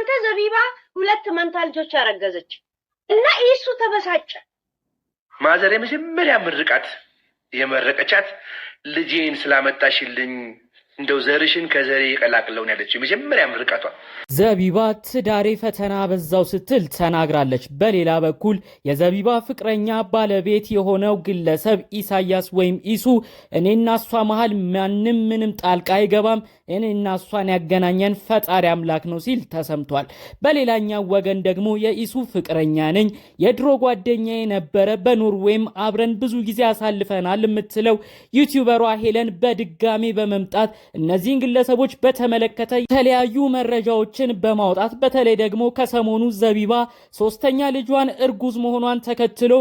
እናንተ ዘቢባ ሁለት መንታ ልጆች አረገዘች እና እሱ ተበሳጨ። ማዘር የመጀመሪያ ምርቃት የመረቀቻት ልጄን ስላመጣሽልኝ እንደው ዘርሽን ከዘሬ ነው ያለች የመጀመሪያ ርቀቷ ዘቢባ ትዳሬ ፈተና በዛው ስትል ተናግራለች። በሌላ በኩል የዘቢባ ፍቅረኛ ባለቤት የሆነው ግለሰብ ኢሳያስ ወይም ኢሱ እኔና እሷ መሀል ማንም ምንም ጣልቃ አይገባም፣ እኔና እሷን ያገናኘን ፈጣሪ አምላክ ነው ሲል ተሰምቷል። በሌላኛው ወገን ደግሞ የኢሱ ፍቅረኛ ነኝ፣ የድሮ ጓደኛ የነበረ በኖርዌይም አብረን ብዙ ጊዜ አሳልፈናል የምትለው ዩቲዩበሯ ሄለን በድጋሜ በመምጣት እነዚህን ግለሰቦች በተመለከተ የተለያዩ መረጃዎችን በማውጣት በተለይ ደግሞ ከሰሞኑ ዘቢባ ሶስተኛ ልጇን እርጉዝ መሆኗን ተከትሎ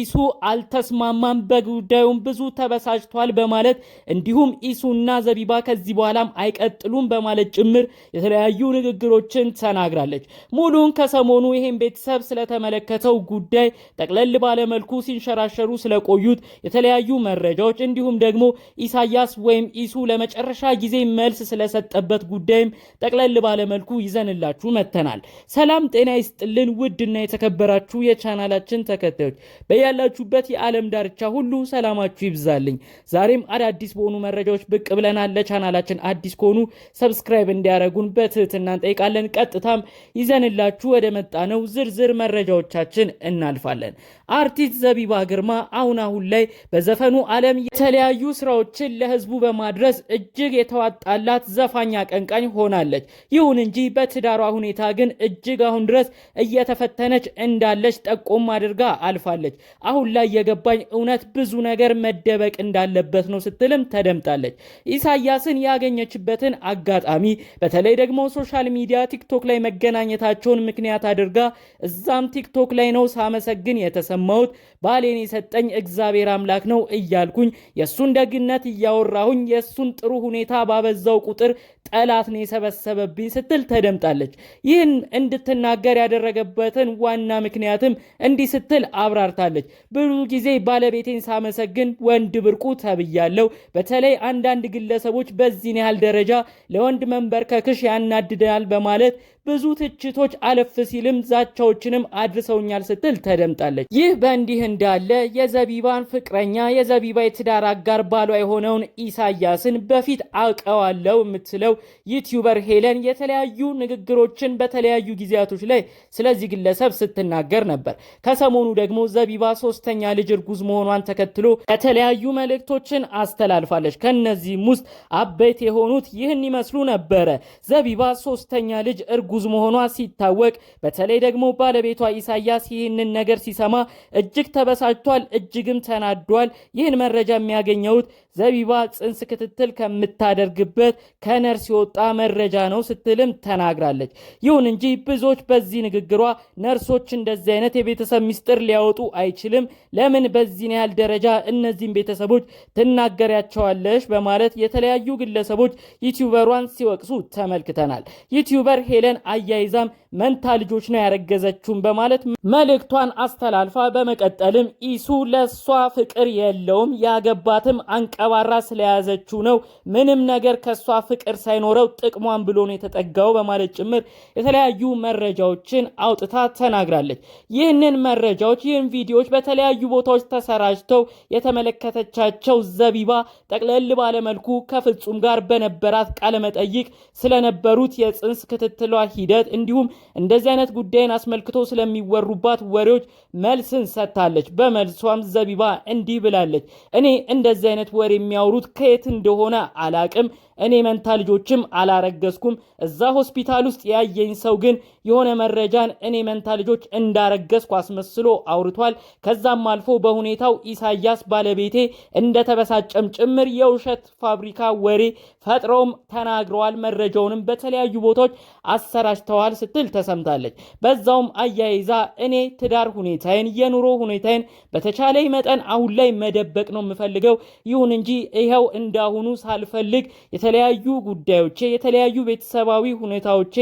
ኢሱ አልተስማማም፣ በጉዳዩም ብዙ ተበሳጭቷል በማለት እንዲሁም ኢሱና ዘቢባ ከዚህ በኋላም አይቀጥሉም በማለት ጭምር የተለያዩ ንግግሮችን ተናግራለች። ሙሉን ከሰሞኑ ይህን ቤተሰብ ስለተመለከተው ጉዳይ ጠቅለል ባለመልኩ ሲንሸራሸሩ ስለቆዩት የተለያዩ መረጃዎች እንዲሁም ደግሞ ኢሳያስ ወይም ኢሱ ለመጨረሻ ጊዜ መልስ ስለሰጠበት ጉዳይም ጠቅለል ባለመልኩ ይዘንላችሁ መጥተናል። ሰላም ጤና ይስጥልን ውድና የተከበራችሁ የቻናላችን ተከታዮች በያላችሁበት የዓለም ዳርቻ ሁሉ ሰላማችሁ ይብዛልኝ። ዛሬም አዳዲስ በሆኑ መረጃዎች ብቅ ብለናል። ለቻናላችን አዲስ ከሆኑ ሰብስክራይብ እንዲያደረጉን በትህትና እንጠይቃለን። ቀጥታም ይዘንላችሁ ወደ መጣነው ዝርዝር መረጃዎቻችን እናልፋለን። አርቲስት ዘቢባ ግርማ አሁን አሁን ላይ በዘፈኑ ዓለም የተለያዩ ስራዎችን ለህዝቡ በማድረስ እጅግ የተዋጣላት ዘፋኝ አቀንቃኝ ሆናለች። ይሁን እንጂ በትዳሯ ሁኔታ ግን እጅግ አሁን ድረስ እየተፈተነች እንዳለች ጠቆም አድርጋ አልፋለች። አሁን ላይ የገባኝ እውነት ብዙ ነገር መደበቅ እንዳለበት ነው ስትልም ተደምጣለች። ኢሳያስን ያገኘችበትን አጋጣሚ በተለይ ደግሞ ሶሻል ሚዲያ ቲክቶክ ላይ መገናኘታቸውን ምክንያት አድርጋ እዛም ቲክቶክ ላይ ነው ሳመሰግን የተሰማሁት ባሌን የሰጠኝ እግዚአብሔር አምላክ ነው እያልኩኝ የእሱን ደግነት እያወራሁኝ የእሱን ጥሩ ሁኔታ ባበዛው ቁጥር ጠላት ነው የሰበሰበብኝ ስትል ተደምጣለች። ይህን እንድትናገር ያደረገበትን ዋና ምክንያትም እንዲህ ስትል አብራርታለች። ብዙ ጊዜ ባለቤቴን ሳመሰግን ወንድ ብርቁ ተብያለው በተለይ አንዳንድ ግለሰቦች በዚህን ያህል ደረጃ ለወንድ መንበርከክሽ ያናድዳል በማለት ብዙ ትችቶች አለፍ ሲልም ዛቻዎችንም አድርሰውኛል ስትል ተደምጣለች። ይህ በእንዲህ እንዳለ የዘቢባን ፍቅረኛ የዘቢባ የትዳር አጋር ባሏ የሆነውን ኢሳያስን በፊት አውቀዋለሁ የምትለው ዩቲዩበር ሄለን የተለያዩ ንግግሮችን በተለያዩ ጊዜያቶች ላይ ስለዚህ ግለሰብ ስትናገር ነበር። ከሰሞኑ ደግሞ ዘቢባ ሶስተኛ ልጅ እርጉዝ መሆኗን ተከትሎ የተለያዩ መልእክቶችን አስተላልፋለች። ከነዚህም ውስጥ አበይት የሆኑት ይህን ይመስሉ ነበረ። ዘቢባ ሶስተኛ ልጅ እርጉዝ መሆኗ ሲታወቅ፣ በተለይ ደግሞ ባለቤቷ ኢሳያስ ይህንን ነገር ሲሰማ እጅግ ተበሳጭቷል፣ እጅግም ተናዷል። ይህን መረጃ የሚያገኘውት ዘቢባ ጽንስ ክትትል ከምታደርግበት ከነርስ በመርስ መረጃ ነው ስትልም ተናግራለች። ይሁን እንጂ ብዙዎች በዚህ ንግግሯ ነርሶች እንደዚህ አይነት የቤተሰብ ሚስጥር ሊያወጡ አይችልም፣ ለምን በዚህን ያህል ደረጃ እነዚህን ቤተሰቦች ትናገሪያቸዋለሽ? በማለት የተለያዩ ግለሰቦች ዩቲዩበሯን ሲወቅሱ ተመልክተናል። ዩቲዩበር ሄለን አያይዛም መንታ ልጆች ነው ያረገዘችውን በማለት መልእክቷን አስተላልፋ በመቀጠልም ኢሱ ለሷ ፍቅር የለውም ያገባትም አንቀባራ ስለያዘችው ነው ምንም ነገር ከሷ ፍቅር ሳይኖረው ጥቅሟን ብሎ ነው የተጠጋው በማለት ጭምር የተለያዩ መረጃዎችን አውጥታ ተናግራለች። ይህንን መረጃዎች ይህን ቪዲዮዎች በተለያዩ ቦታዎች ተሰራጅተው የተመለከተቻቸው ዘቢባ ጠቅለል ባለመልኩ ከፍጹም ጋር በነበራት ቃለመጠይቅ ስለነበሩት የጽንስ ክትትሏ ሂደት እንዲሁም እንደዚህ አይነት ጉዳይን አስመልክቶ ስለሚወሩባት ወሬዎች መልስን ሰጥታለች። በመልሷም ዘቢባ እንዲህ ብላለች። እኔ እንደዚህ አይነት ወሬ የሚያወሩት ከየት እንደሆነ አላቅም እኔ መንታ ልጆችም አላረገዝኩም። እዛ ሆስፒታል ውስጥ ያየኝ ሰው ግን የሆነ መረጃን እኔ መንታ ልጆች እንዳረገዝኩ አስመስሎ አውርቷል። ከዛም አልፎ በሁኔታው ኢሳያስ ባለቤቴ እንደተበሳጨም ጭምር የውሸት ፋብሪካ ወሬ ፈጥረውም ተናግረዋል። መረጃውንም በተለያዩ ቦታዎች አሰራጭተዋል ስትል ተሰምታለች። በዛውም አያይዛ እኔ ትዳር ሁኔታዬን የኑሮ ሁኔታዬን በተቻለ መጠን አሁን ላይ መደበቅ ነው የምፈልገው። ይሁን እንጂ ይኸው እንዳሁኑ ሳልፈልግ የተለያዩ ጉዳዮቼ፣ የተለያዩ ቤተሰባዊ ሁኔታዎቼ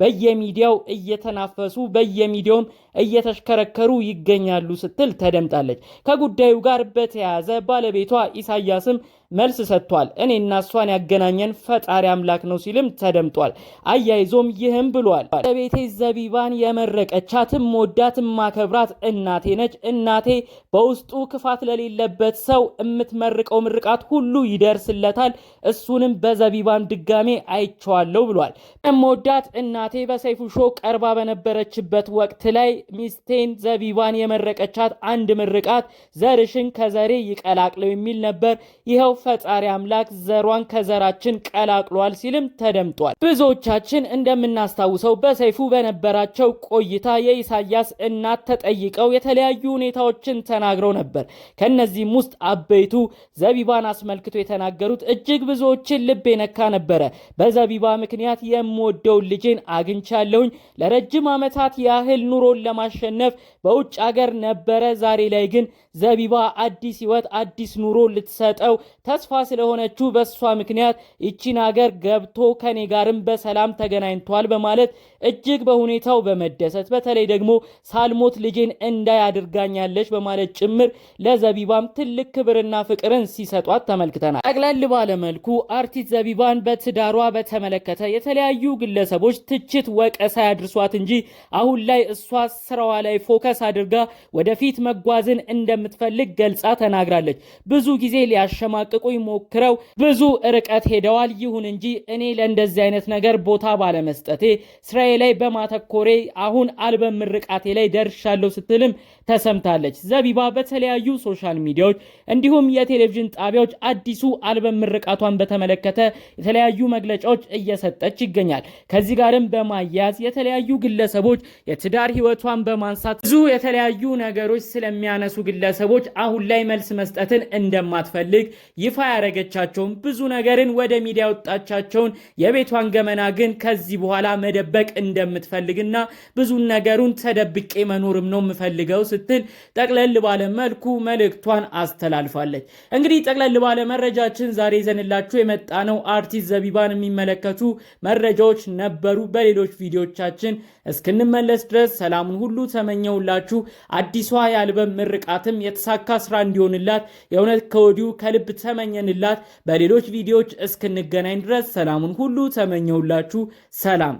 በየሚዲያው እየተናፈሱ በየሚዲያውም እየተሽከረከሩ ይገኛሉ ስትል ተደምጣለች። ከጉዳዩ ጋር በተያያዘ ባለቤቷ ኢሳያስም መልስ ሰጥቷል። እኔና እሷን ያገናኘን ፈጣሪ አምላክ ነው ሲልም ተደምጧል። አያይዞም ይህም ብሏል። ባለቤቴ ዘቢባን የመረቀቻትም ወዳትም ማከብራት እናቴ ነች። እናቴ በውስጡ ክፋት ለሌለበት ሰው የምትመርቀው ምርቃት ሁሉ ይደርስለታል። እሱንም በዘቢባን ድጋሜ አይቸዋለሁ ብሏል። የምወዳት እናቴ በሰይፉ ሾ ቀርባ በነበረችበት ወቅት ላይ ሚስቴን ዘቢባን የመረቀቻት አንድ ምርቃት ዘርሽን ከዘሬ ይቀላቅለው የሚል ነበር። ይኸው ፈጣሪ አምላክ ዘሯን ከዘራችን ቀላቅሏል ሲልም ተደምጧል። ብዙዎቻችን እንደምናስታውሰው በሰይፉ በነበራቸው ቆይታ የኢሳያስ እናት ተጠይቀው የተለያዩ ሁኔታዎችን ተናግረው ነበር። ከነዚህም ውስጥ አበይቱ ዘቢባን አስመልክቶ የተናገሩት እጅግ ብዙዎችን ልብ የነካ ነበረ። በዘቢባ ምክንያት የምወደውን ልጄን አግኝቻለሁኝ። ለረጅም ዓመታት ያህል ኑሮን ለማሸነፍ በውጭ አገር ነበረ። ዛሬ ላይ ግን ዘቢባ አዲስ ሕይወት አዲስ ኑሮ ልትሰጠው ተስፋ ስለሆነችው በእሷ ምክንያት ይቺን ሀገር ገብቶ ከኔ ጋርም በሰላም ተገናኝቷል በማለት እጅግ በሁኔታው በመደሰት በተለይ ደግሞ ሳልሞት ልጄን እንዳይ አድርጋኛለች በማለት ጭምር ለዘቢባም ትልቅ ክብርና ፍቅርን ሲሰጧት ተመልክተናል። ጠቅለል ባለመልኩ አርቲስት ዘቢባን በትዳሯ በተመለከተ የተለያዩ ግለሰቦች ትችት፣ ወቀሳ ያድርሷት እንጂ አሁን ላይ እሷ ስራዋ ላይ ፎከስ አድርጋ ወደፊት መጓዝን እንደምትፈልግ ገልጻ ተናግራለች። ብዙ ጊዜ ሊያሸማቅ ሊያስታርቁኝ ሞክረው ብዙ ርቀት ሄደዋል። ይሁን እንጂ እኔ ለእንደዚህ አይነት ነገር ቦታ ባለመስጠቴ ስራዬ ላይ በማተኮሬ አሁን አልበም ምርቃቴ ላይ ደርሻለሁ ስትልም ተሰምታለች። ዘቢባ በተለያዩ ሶሻል ሚዲያዎች እንዲሁም የቴሌቪዥን ጣቢያዎች አዲሱ አልበም ምርቃቷን በተመለከተ የተለያዩ መግለጫዎች እየሰጠች ይገኛል። ከዚህ ጋርም በማያያዝ የተለያዩ ግለሰቦች የትዳር ህይወቷን በማንሳት ብዙ የተለያዩ ነገሮች ስለሚያነሱ ግለሰቦች አሁን ላይ መልስ መስጠትን እንደማትፈልግ ይፋ ያደረገቻቸውን ብዙ ነገርን ወደ ሚዲያ ያወጣቻቸውን የቤቷን ገመና ግን ከዚህ በኋላ መደበቅ እንደምትፈልግና ብዙን ነገሩን ተደብቄ መኖርም ነው የምፈልገው ስትል ጠቅለል ባለ መልኩ መልእክቷን አስተላልፋለች። እንግዲህ ጠቅለል ባለ መረጃችን ዛሬ ይዘንላችሁ የመጣ ነው አርቲስት ዘቢባን የሚመለከቱ መረጃዎች ነበሩ። በሌሎች ቪዲዮቻችን እስክንመለስ ድረስ ሰላሙን ሁሉ ተመኘውላችሁ። አዲሷ የአልበም ምርቃትም የተሳካ ስራ እንዲሆንላት የእውነት ከወዲሁ ከልብ ተመኘንላት። በሌሎች ቪዲዮዎች እስክንገናኝ ድረስ ሰላሙን ሁሉ ተመኘሁላችሁ። ሰላም